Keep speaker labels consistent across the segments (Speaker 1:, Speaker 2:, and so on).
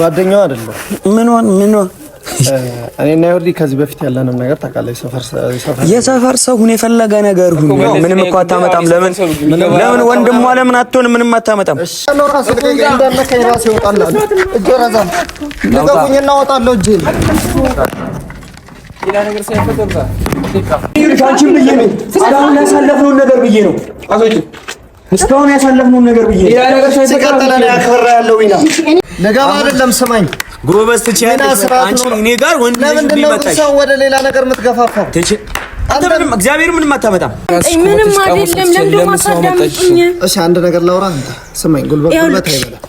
Speaker 1: ጓደኛው አይደለም።
Speaker 2: ምንሆን ምንሆን
Speaker 1: እኔና ዮርዲ ከዚህ በፊት ያለንም ነገር ታውቃለህ።
Speaker 2: የሰፈር ሰው ሁን፣ የፈለገ ነገር ሁን፣ ምንም እኮ አታመጣም። ለምን ለምን ወንድሟ ለምን አትሆን? ምንም አታመጣም።
Speaker 1: አንቺን ያሳለፍነውን ነገር ብዬ ነው። እስካሁን ያሳለፍነውን ነገር ብዬ ያ ነገር ያለው ልገባ አይደለም። ስማኝ
Speaker 2: ጎበዝ፣ ትችያለሽ። አንቺ እኔ ጋር ወንድ
Speaker 1: ልጅ ሰው ወደ ሌላ ነገር የምትገፋፋው
Speaker 2: እግዚአብሔር ምንም አታመጣም።
Speaker 3: ምንም አይደለም። ለምን ነው የማታዳምጡኝ?
Speaker 1: እሺ አንድ ነገር ላውራ። ስማኝ ጉልበት
Speaker 3: ጉልበት አይበላም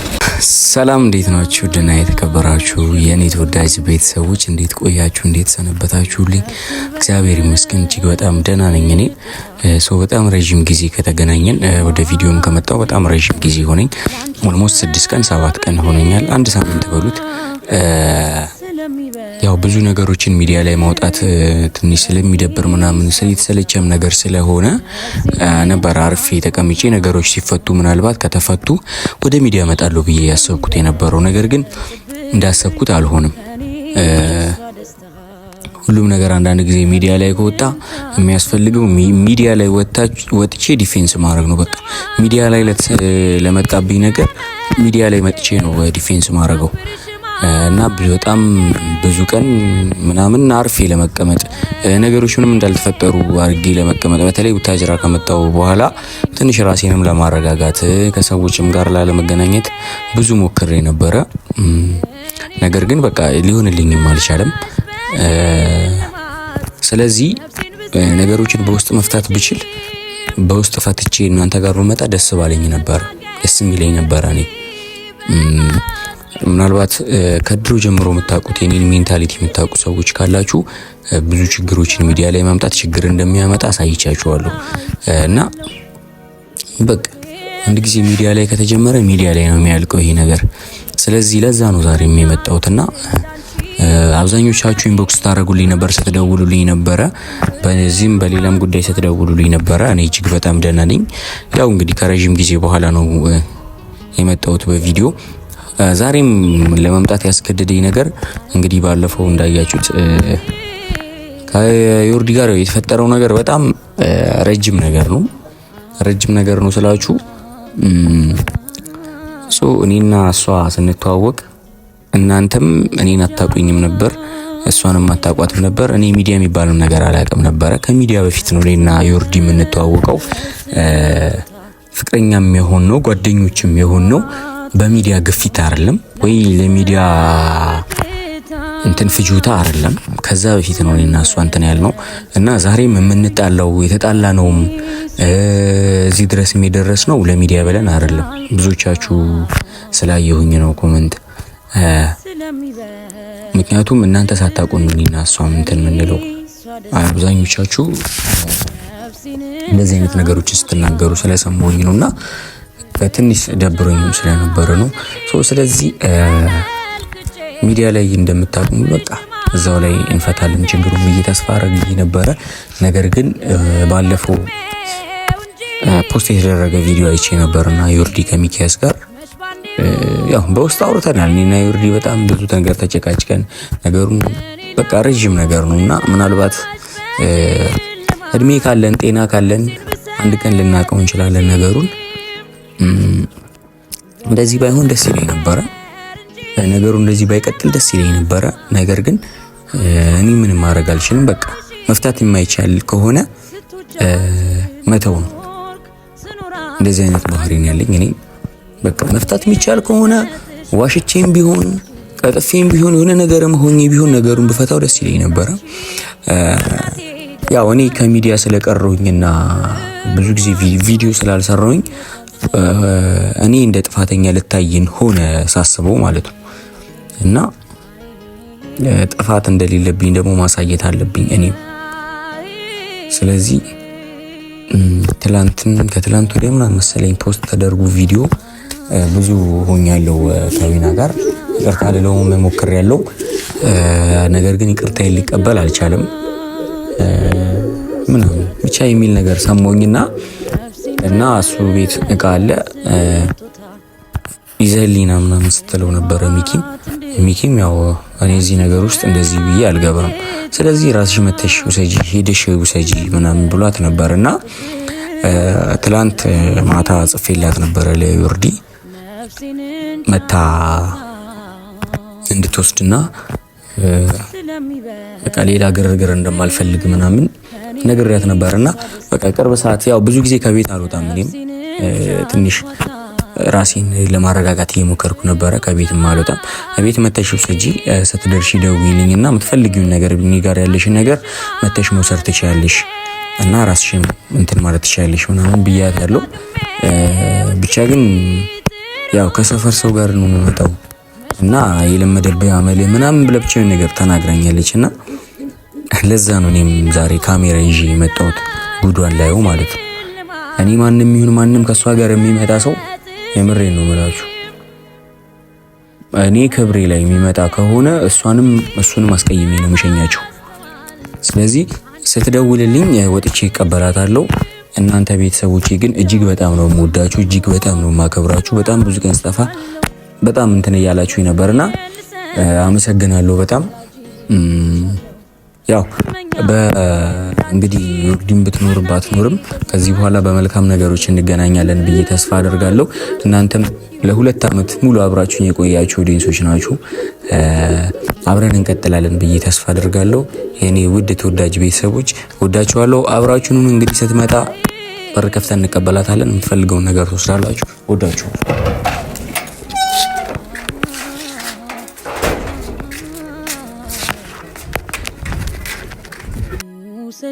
Speaker 2: ሰላም እንዴት ናችሁ? ደና የተከበራችሁ የእኔ ተወዳጅ ቤተሰቦች እንዴት ቆያችሁ? እንዴት ሰነበታችሁልኝ? እግዚአብሔር ይመስገን እጅግ በጣም ደህና ነኝ። እኔ ሰው በጣም ረዥም ጊዜ ከተገናኘን ወደ ቪዲዮም ከመጣው በጣም ረዥም ጊዜ ሆነኝ። ኦልሞስት ስድስት ቀን ሰባት ቀን ሆነኛል። አንድ ሳምንት በሉት ያው ብዙ ነገሮችን ሚዲያ ላይ ማውጣት ትንሽ ስለሚደብር ምናምን የተሰለቸም ነገር ስለሆነ ነበር አርፌ ተቀምጬ ነገሮች ሲፈቱ ምናልባት ከተፈቱ ወደ ሚዲያ እመጣለሁ ብዬ ያሰብኩት የነበረው ነገር ግን እንዳሰብኩት አልሆንም። ሁሉም ነገር አንዳንድ ጊዜ ሚዲያ ላይ ከወጣ የሚያስፈልገው ሚዲያ ላይ ወጥቼ ዲፌንስ ማድረግ ነው። በቃ ሚዲያ ላይ ለመጣብኝ ነገር ሚዲያ ላይ መጥቼ ነው ዲፌንስ ማድረገው። እና በጣም ብዙ ቀን ምናምን አርፌ ለመቀመጥ ነገሮች ምንም እንዳልተፈጠሩ አድርጌ ለመቀመጥ በተለይ ቡታጅራ ከመጣው በኋላ ትንሽ ራሴንም ለማረጋጋት ከሰዎችም ጋር ላለመገናኘት ብዙ ሞክሬ ነበረ። ነገር ግን በቃ ሊሆንልኝም አልቻለም። ስለዚህ ነገሮችን በውስጥ መፍታት ብችል በውስጥ ፈትቼ እናንተ ጋር ብመጣ ደስ ባለኝ ነበር፣ ደስ የሚለኝ ነበረ እኔ ምናልባት ከድሮ ጀምሮ የምታውቁት የኔን ሜንታሊቲ የምታውቁ ሰዎች ካላችሁ ብዙ ችግሮችን ሚዲያ ላይ ማምጣት ችግር እንደሚያመጣ አሳይቻችኋለሁ እና በቃ አንድ ጊዜ ሚዲያ ላይ ከተጀመረ ሚዲያ ላይ ነው የሚያልቀው ይሄ ነገር። ስለዚህ ለዛ ነው ዛሬ የመጣሁት እና አብዛኞቻችሁ ኢንቦክስ ታደረጉልኝ ነበር፣ ስትደውሉልኝ ነበረ። በዚህም በሌላም ጉዳይ ስትደውሉልኝ ነበረ። እኔ እጅግ በጣም ደህና ነኝ። ያው እንግዲህ ከረዥም ጊዜ በኋላ ነው የመጣሁት በቪዲዮ ዛሬም ለመምጣት ያስገደደኝ ነገር እንግዲህ ባለፈው እንዳያችሁት ከዮርዲ ጋር የተፈጠረው ነገር በጣም ረጅም ነገር ነው። ረጅም ነገር ነው ስላችሁ ሶ እኔና እሷ ስንተዋወቅ እናንተም እኔን አታውቁኝም ነበር፣ እሷንም አታውቋትም ነበር። እኔ ሚዲያ የሚባለው ነገር አላውቅም ነበረ። ከሚዲያ በፊት ነው እኔና ዮርዲ የምንተዋወቀው። ፍቅረኛም የሆን ነው ጓደኞችም የሆን ነው በሚዲያ ግፊት አይደለም ወይ ለሚዲያ እንትን ፍጁታ አይደለም። ከዛ በፊት ነው እኔና እሷ እንትን ያልነው እና ዛሬም የምንጣላው የተጣላ ነውም እዚህ ድረስ የሚደረስ ነው ለሚዲያ ብለን አይደለም። ብዙዎቻችሁ ስላየሁኝ ነው ኮመንት። ምክንያቱም እናንተ ሳታውቁን እኔና እሷ እንትን የምንለው አብዛኞቻችሁ እንደዚህ አይነት ነገሮችን ስትናገሩ ስለሰማሁኝ ነው እና ትንሽ ደብሮኝም ስለነበረ ነው። ስለዚህ ሚዲያ ላይ እንደምታቅሙ በቃ እዛው ላይ እንፈታለን ችግሩ ብዬ ተስፋ አረግ ነበረ። ነገር ግን ባለፈው ፖስት የተደረገ ቪዲዮ አይቼ ነበርና ዮርዲ ከሚኪያስ ጋር ያው በውስጥ አውርተናል። እኔና ዮርዲ በጣም ብዙ ነገር ተጨቃጭቀን ነገሩን በቃ ረዥም ነገር ነው እና ምናልባት እድሜ ካለን ጤና ካለን አንድ ቀን ልናቀው እንችላለን ነገሩን እንደዚህ ባይሆን ደስ ይለኝ ነበረ። ነገሩ እንደዚህ ባይቀጥል ደስ ይለኝ ነበረ። ነገር ግን እኔ ምንም ማድረግ አልችልም። በቃ መፍታት የማይቻል ከሆነ መተው ነው። እንደዚህ አይነት ባህሪ ነው ያለኝ እኔ። በቃ መፍታት የሚቻል ከሆነ ዋሽቼም ቢሆን ቀጥፌም ቢሆን የሆነ ነገርም ሆኜ ቢሆን ነገሩን ብፈታው ደስ ይለኝ ነበረ። ያው እኔ ከሚዲያ ስለቀረሁኝና ብዙ ጊዜ ቪዲዮ ስላልሰራሁኝ እኔ እንደ ጥፋተኛ ልታይን ሆነ ሳስበው ማለት ነው እና ጥፋት እንደሌለብኝ ደግሞ ማሳየት አለብኝ እኔ። ስለዚህ ትላንትን ከትላንት ወዲያ ምናምን መሰለኝ ፖስት ተደርጉ ቪዲዮ ብዙ ሆኛለሁ ከዊና ጋር ይቅርታ መሞከር ያለው ነገር ግን ይቅርታዬን ሊቀበል አልቻለም ምናምን ብቻ የሚል ነገር ሰሞኝና እና እሱ ቤት እቃ አለ ይዘህልኝና ምናምን ስትለው ነበረ ሚኪ። ሚኪም ያው እኔ እዚህ ነገር ውስጥ እንደዚህ ብዬ አልገባም፣ ስለዚህ ራስሽ መተሽ ውሰጂ፣ ሄደሽ ውሰጂ ምናምን ብሏት ነበር እና ትላንት ማታ ጽፌላት ነበረ ለዮርዲ መታ እንድትወስድና በቃ ሌላ ግርግር እንደማልፈልግ ምናምን ነግሬያት ነበር እና በቃ ቅርብ ሰዓት ያው ብዙ ጊዜ ከቤት አልወጣም። እኔም ትንሽ ራሴን ለማረጋጋት እየሞከርኩ ነበረ። ከቤትም አልወጣም። ከቤት መተሽ ውሰጂ፣ ስትደርሺ ደውዪልኝ እና የምትፈልጊውን ነገር እኔ ጋር ያለሽን ነገር መተሽ መውሰድ ትችያለሽ እና ራስሽን እንትን ማለት ትችያለሽ ምናምን ብያት ያለው ብቻ ግን ያው ከሰፈር ሰው ጋር ነው የምመጣው እና የለመደብህ አመል ምናምን ብለብቻዊ ነገር ተናግራኛለች እና ለዛ ነው እኔም ዛሬ ካሜራ ይዤ የመጣሁት ጉዷን ላየው ማለት ነው። እኔ ማንም ይሁን ማንም ከእሷ ጋር የሚመጣ ሰው የምሬ ነው የምላችሁ፣ እኔ ክብሬ ላይ የሚመጣ ከሆነ እሷንም እሱንም አስቀይሜ ነው የምሸኛቸው። ስለዚህ ስትደውልልኝ ወጥቼ ይቀበላታለሁ። እናንተ ቤተሰቦቼ ግን እጅግ በጣም ነው የምወዳችሁ፣ እጅግ በጣም ነው የማከብራችሁ። በጣም ብዙ ቀን ስጠፋ በጣም እንትን እያላችሁ ነበርና አመሰግናለሁ በጣም ያው እንግዲህ ዩርዲን ብትኖርም ባትኖርም ከዚህ በኋላ በመልካም ነገሮች እንገናኛለን ብዬ ተስፋ አደርጋለሁ። እናንተም ለሁለት ዓመት ሙሉ አብራችሁን የቆያችሁ ዲንሶች ናችሁ። አብረን እንቀጥላለን ብዬ ተስፋ አደርጋለሁ። የኔ ውድ ተወዳጅ ቤተሰቦች ወዳችኋለሁ። አብራችሁንም እንግዲህ ስትመጣ በር ከፍተን እንቀበላታለን። የምትፈልገውን ነገር ትወስዳላችሁ። ወዳችኋለሁ።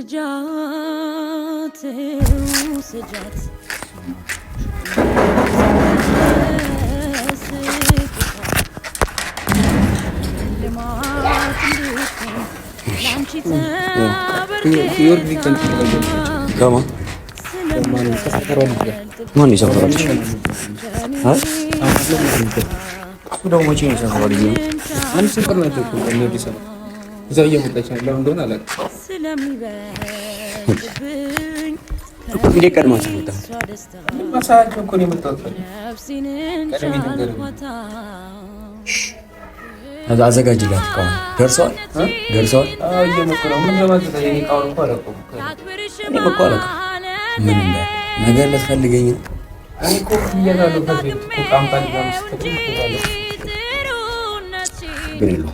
Speaker 2: ስጃት ስጃት ማን የሰፈራል? ደግሞ መቼ ነው
Speaker 1: የሰፈራል? እዛው እየመጣች ያለው እንደሆነ አላውቅም።
Speaker 2: ቀድማችሁ መጣችሁ?
Speaker 1: ማሳያቸው እኮ ነው የመጣሁት።
Speaker 2: አዘጋጅላት እቃውን ደርሰዋል ምን ነገር ልትፈልገኝ ነው?
Speaker 1: ግን የለውም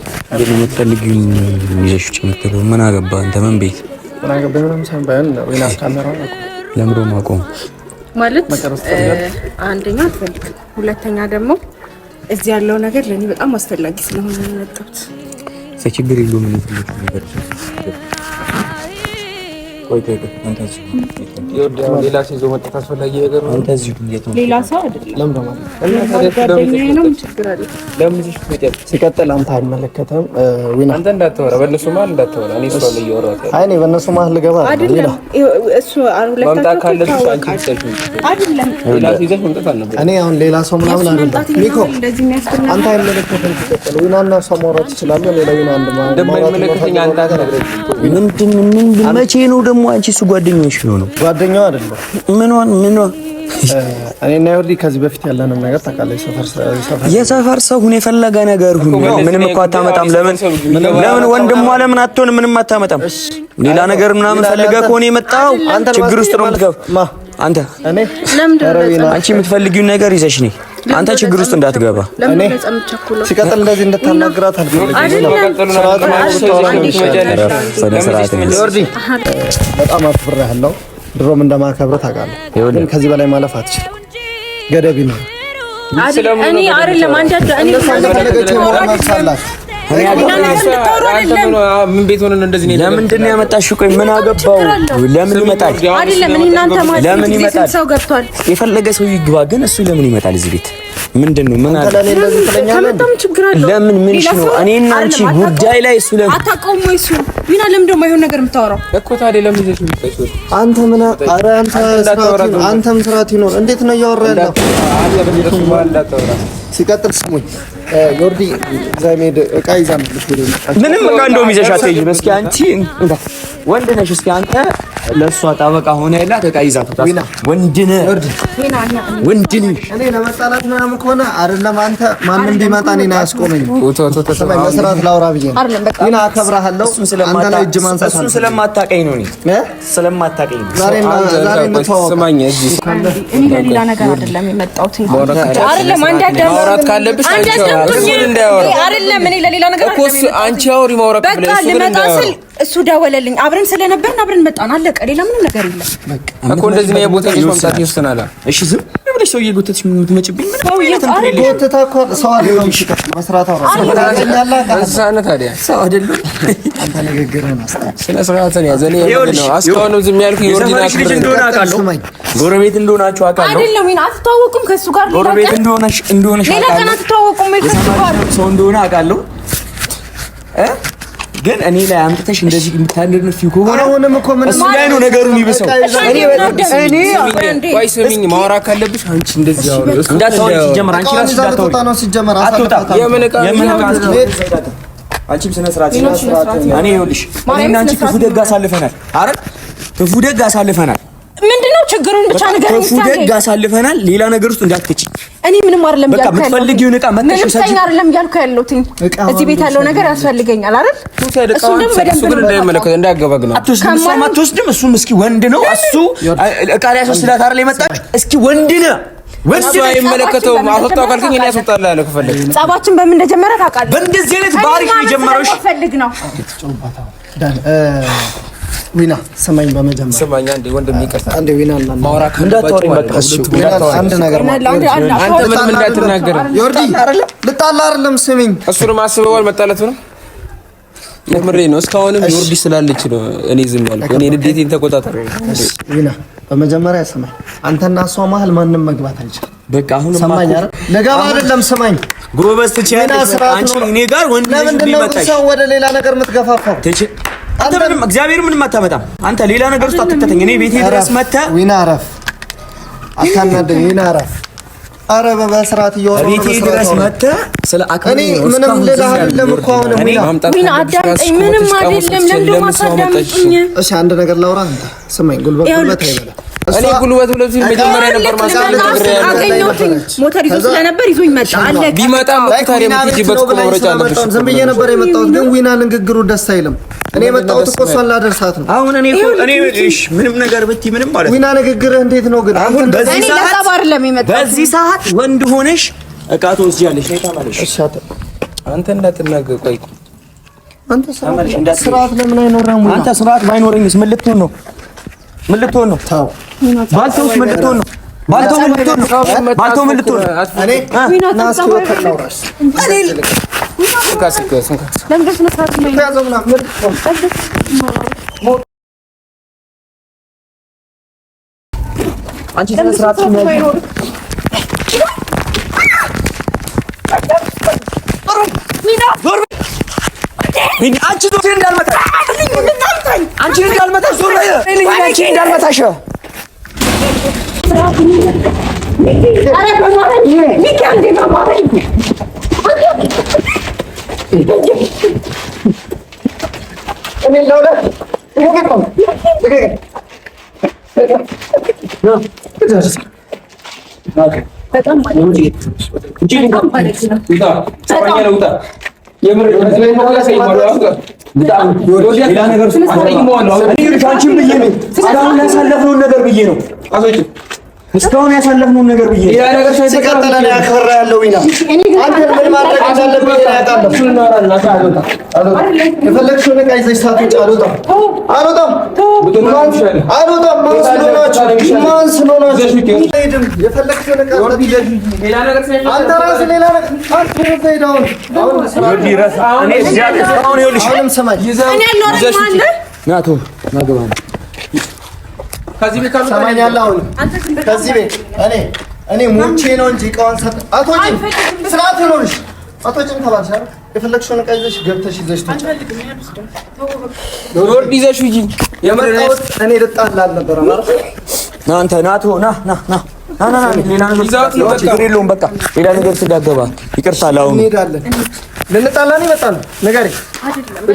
Speaker 2: የምትፈልጊውን ይዘሽ ውጭ የምትለው ምን አገባ አንተ ምን ቤት ለምዶ ማቆም
Speaker 3: ማለት አንደኛ አትፈልግም፣ ሁለተኛ ደግሞ እዚህ ያለው ነገር ለእኔ በጣም አስፈላጊ ስለሆነ የመጣሁት
Speaker 2: ችግር የለውም።
Speaker 1: ሌላ ሰው ይዞ መጣት አስፈላጊ ነገር ነው። ሲቀጥል አንተ አይመለከተም። አንተ እንዳትወራ፣ በእነሱ መሀል እንዳትወራ። እኔ እሷ ላይ በእነሱ መሀል ልገባ እኔ አሁን ሌላ ሰው ምናምን አይደለም። ሚኮ አንተ አይመለከተም። ሲቀጥል እሷ ማውራት ይችላሉ። ሌላ ዊና
Speaker 2: ምንድን መቼ ነው ደግሞ ደግሞ አንቺ እሱ ጓደኞች ነው። ነው
Speaker 1: ጓደኛው አይደለም።
Speaker 2: ምን ሆን ምን ሆን
Speaker 1: እኔና ዮርዲ ከዚህ በፊት ያለንን ነገር ታውቃለህ።
Speaker 2: የሰፈር ሰው ሁን፣ የፈለገ ነገር ሁን፣ ምንም እኮ አታመጣም። ለምን ለምን ወንድሟ ለምን አትሆን? ምንም አታመጣም። ሌላ ነገር ምናምን ፈልገህ ከሆነ የመጣው ችግር ውስጥ ነው የምትገባው አንተ።
Speaker 1: አንቺ
Speaker 2: የምትፈልጊውን ነገር ይዘሽ ነይ አንተ ችግር ውስጥ እንዳትገባ።
Speaker 1: ሲቀጥል እንደዚህ እንደታናግራት በጣም አፍሬሃለሁ። ድሮም እንደማከብረ ታውቃለህ፣ ግን ከዚህ በላይ ማለፍ አትችልም። ገደብ ይኖር።
Speaker 3: እኔ አይደለም አንዳንድ
Speaker 2: ምን ቤት ሆነን እንደዚህ ነው? ለምንድን ነው ያመጣሽው? ቆይ ምን አገባው? ለምን ይመጣል?
Speaker 3: አይደለም እኔ እናንተ ማለት ለምን ይመጣል? ሰው ገብቷል።
Speaker 2: የፈለገ ሰው ይግባ፣ ግን እሱ ለምን ይመጣል እዚህ ቤት? ምንድን ነው
Speaker 1: ምን አለ? ለምን ምን
Speaker 2: ነው? እኔ እና አንቺ ጉዳይ ላይ እሱ ለምን
Speaker 3: አታውቀውም? እሱ ቢና ለምን ደግሞ አይሆን ነገር የምታወራው
Speaker 1: እኮ ታዲያ ለምን ይዘሽ የምትፈጭው አንተ ምን? ኧረ አንተ አንተም ስርዓት ይኖር። እንዴት ነው እያወራ ያለው? ሲቀጥል ስሙኝ ዮርዲ እዛ መሄድ እቃ ይዛ
Speaker 2: ምንም እቃ እንደውም ይዘሽ አትሄጂም። እስኪ አንቺ ወንድ ነሽ። እስኪ አንተ ለእሷ ጠበቃ ሆነ የላ ተቃይዛ ዊና ወንድ ነህ ወንድ ነሽ።
Speaker 1: እኔ ለመጣላት ምናምን ከሆነ አይደለም አንተ ማንም ቢመጣ እኔን አያስቆመኝም። በስርዓት ላውራ ብዬ ነው። ዊና አከብርሃለሁ።
Speaker 2: አንተ ላይ እጅ ማንሳት እሱን ስለማታውቀኝ ነው። እኔ ስለማታውቀኝ ነው።
Speaker 1: ዛሬ ዛሬ
Speaker 2: ስማኝ፣
Speaker 3: እኔ ለሌላ ነገር አይደለም የመጣሁት። አይደለም አንዳንድ
Speaker 1: ማውራት ካለብሽ አንቺ አውሪ። ማውራት ብለሽ እሱ ግን
Speaker 3: እንዳያወራ እሱ ደወለልኝ። አብረን ስለነበርን አብረን መጣን። አለቀ። ሌላ ምንም ነገር የለም
Speaker 2: እኮ እንደዚህ ነው የቦታ ልጅ መምጣት እሺ ዝም ሰው ምን
Speaker 1: ነው ሰው እሺ
Speaker 2: ታዲያ ሰው አይደለም። ነው ዝም ያልኩ ልጅ እንደሆነ አውቃለሁ። ጎረቤት እንደሆናችሁ አውቃለሁ።
Speaker 3: አይደለም ወይ አትተዋወቁም ከሱ ጋር
Speaker 2: ጎረቤት እንደሆነሽ እንደሆነሽ
Speaker 3: ሌላ ቀን አትተዋወቁም
Speaker 2: ሰው እንደሆነ አውቃለሁ እ ግን እኔ ላይ አምጥተሽ እንደዚህ የምታነድፊው ከሆነ ሆነም እኮ ምን እሱ ላይ ነው ነገሩ የሚብሰው። ቆይ ስሚኝ፣ ማውራት ካለብሽ አንቺ እንደዚህ እንዳታወሪ።
Speaker 1: ሲጀመር አንቺ ራስሽ እንዳታወሪ አትወጣም። የምን ዕቃ አንቺም ስነ ስርዓት ስነ
Speaker 2: ስርዓት። እኔ ይኸውልሽ፣ እኔና አንቺ ክፉ ደግ አሳልፈናል አይደል? ክፉ ደግ አሳልፈናል።
Speaker 3: ምንድነው ችግሩን ብቻ ነገር
Speaker 2: ክፉ ደግ አሳልፈናል። ሌላ ነገር ውስጥ እንዳትከቺ
Speaker 3: እኔ ምንም አይደለም
Speaker 2: ያልኩ በቃ ምትፈልጊውን እቃ
Speaker 3: መተሽ ሰጂ አይደለም ያልኩ ያለው እዚህ ቤት ያለው ነገር ያስፈልገኛል አይደል?
Speaker 2: እሱ ደግሞ በደንብ ነው እንዳይመለከት እንዳያገባግ ነው። አትወስድም አትወስድም። እሱም እስኪ ወንድ ነው እሱ እቃ ላይ ያስወስዳት አይደል የመጣች እስኪ ወንድ ነህ ወንድ ነው የሚመለከተው። አስወጣው ካልከኝ እኔ አስወጣለሁ ያለው ከፈለግ
Speaker 3: ጸባችን በምን እንደጀመረ ታውቃለህ።
Speaker 2: በእንደዚህ አይነት ባህሪ ነው የጀመረው። እሺ ፈልግ ነው
Speaker 1: ዊና ስማኝ፣ በመጀመሪያ
Speaker 2: ስማኝ። አንዴ ወንድም
Speaker 1: ይቅርታ፣ አንዴ ዊና ዮርዲ፣ አይደለም። ስሚኝ፣
Speaker 2: እሱንም አስበዋል መጣለቱ ነው። የምሬ ስላለች ነው እኔ ዝም ያልኩ። እኔ ንዴቴን ተቆጣጠር
Speaker 1: ዊና። በመጀመሪያ ስማኝ፣ አንተና እሷ መሀል ማንም መግባት አይችልም። በቃ አሁን ሰማኝ አይደል? ለጋባ አይደለም። ስማኝ
Speaker 2: ጎበዝ፣ ትችያለሽ። አንቺ እኔ ጋር ወንድ ልጅ
Speaker 1: ቢመጣሽ ለምንድን ነው ወደ ሌላ ነገር የምትገፋፋው?
Speaker 2: አንተ ምንም እግዚአብሔር ምንም አታመጣም። አንተ ሌላ ነገር ውስጥ አትከተኝ። እኔ ቤቴ ድረስ መተህ
Speaker 1: ዊና አረፍ አታናደኝ። ዊና አረፍ አረ በስርዓት
Speaker 2: እያወራሁ ቤቴ ድረስ መተህ
Speaker 1: ስለ እኔ ምንም ሌላ አይደለም እኮ
Speaker 3: አሁን ዊና አዳምጠኝ። ምንም አይደለም። ለምን ነው የማታዳምጠኝ?
Speaker 1: እሺ አንድ ነገር ላውራ። አንተ ስማኝ፣ ጉልበት ጉልበት አይበላ እኔ ጉልበት ብለብሲ መጀመሪያ ነበር
Speaker 3: ሞተር ይዞ ስለነበር ይዞኝ መጣ።
Speaker 2: ቢመጣም
Speaker 1: ዝም ብዬ ነበር የመጣሁት፣ ግን ዊና ንግግሩ ደስ አይልም። እኔ የመጣሁት እኮ እሷን ላደርሳት
Speaker 2: ነው። አሁን እኔ እኔ ምንም ነገር ብትይ ምንም ማለት
Speaker 1: ዊና ንግግርህ እንዴት ነው ግን?
Speaker 2: አሁን
Speaker 3: በዚህ ሰዓት በዚህ
Speaker 2: ሰዓት ወንድ ሆነሽ እቃ ትወስጃለሽ።
Speaker 1: አንተ እንዳትናገር ቆይ አንተ ስርዓት ለምን
Speaker 2: አይኖርም? አንተ ስርዓት ባይኖርኝስ ምን ልትሆን ነው? ምን ልትሆን ነው? ባልተውስ ምን ልትሆን ነው? ባልተው ምን ልትሆን ነው? ባልተው ምን ልትሆን ነው? እኔ አንቺ አትምታኝ! አንቺ እንዳልመታ ዞር በይ! አንቺ እንዳልመታሽ
Speaker 1: በጣም ነገር
Speaker 2: ብዬ ነው እስካሁን ያሳለፍነው ነገር ብዬ
Speaker 1: ያ ነገር ሳይፈቀድ ያከራ ያለው ይና አንተ ምን ማድረግ እንዳለብህ ያውቃለህ። የፈለግሽውን ዕቃ ይዘሽ ሳትወጪ አልወጣም አልወጣም ማን ስለሆናችሁ ማን ስለሆናችሁ የፈለግሽውን ዕቃ አንተ ሌላ ነገር ከዚህ ቤት ከዚህ ቤት እኔ እኔ ሙቼ ነው እንጂ እቃዋን ሰጥ አቶ ስርዓት ይኖርሽ። አቶ ተባልሽ አይደል? የፈለግሽውን እቃ ይዘሽ ገብተሽ ይዘሽ ተጫ እኔ ልጣላ አልነበረም አይደል?
Speaker 2: አንተ ሆ ና ና ና ና ና ሌላ ነገር ስጋገባ ይቅርታ ላሁን እንሄዳለን
Speaker 1: ልንጣላ ነው ይመጣሉ። ነገር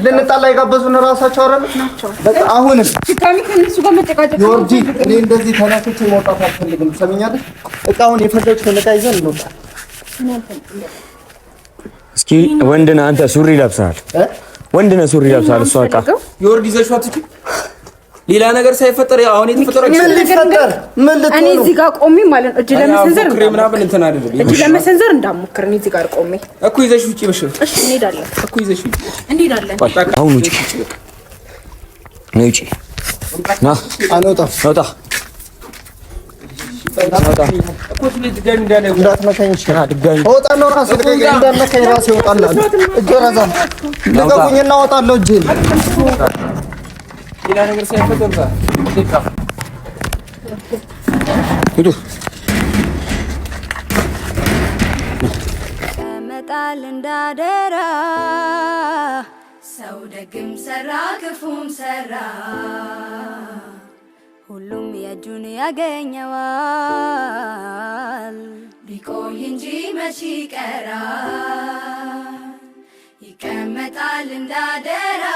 Speaker 1: ልንጣላ የጋበዙን ራሳቸው አይደል? አሁንም ዮርጂ፣ እኔ እንደዚህ ተናክቼ መውጣት አልፈልግም። ትሰሚኛለሽ? እቃውን የፈለግሽውን እቃ ይዘን እንውጣ።
Speaker 2: እስኪ ወንድ ነህ አንተ፣ ሱሪ ለብሰሃል። ወንድ ነህ ሱሪ ለብሰሃል። እሷ እቃ
Speaker 1: ዮርጂ ይዘሽዋት ሌላ ነገር ሳይፈጠር አሁን የተፈጠረው ምን ሊፈጠር
Speaker 3: ምን ልትሆኑ? እኔ እዚህ ጋር ቆሜ ማለት ነው እጅ ለመሰንዘር ምናምን እንትን አይደለም። እጅ ለመሰንዘር እንዳሞክር እኔ እዚህ ጋር ቆሜ
Speaker 1: እኮ ይዘሽ ውጪ። በሽ እሺ፣ እንሄዳለን እኮ ይዘሽ ውጪ፣
Speaker 3: እንሄዳለን።
Speaker 2: አሁን ውጪ ነው ውጪ። ና አንወጣ ወጣ
Speaker 1: እንዳትመከኝ ሌላ ነገር ሳይፈጠር
Speaker 2: መጣል እንዳደራ ሰው ደግም ሰራ ክፉም ሰራ ሁሉም የእጁን ያገኘዋል። ቢቆይ እንጂ መች ቀራ ይቀመጣል እንዳደራ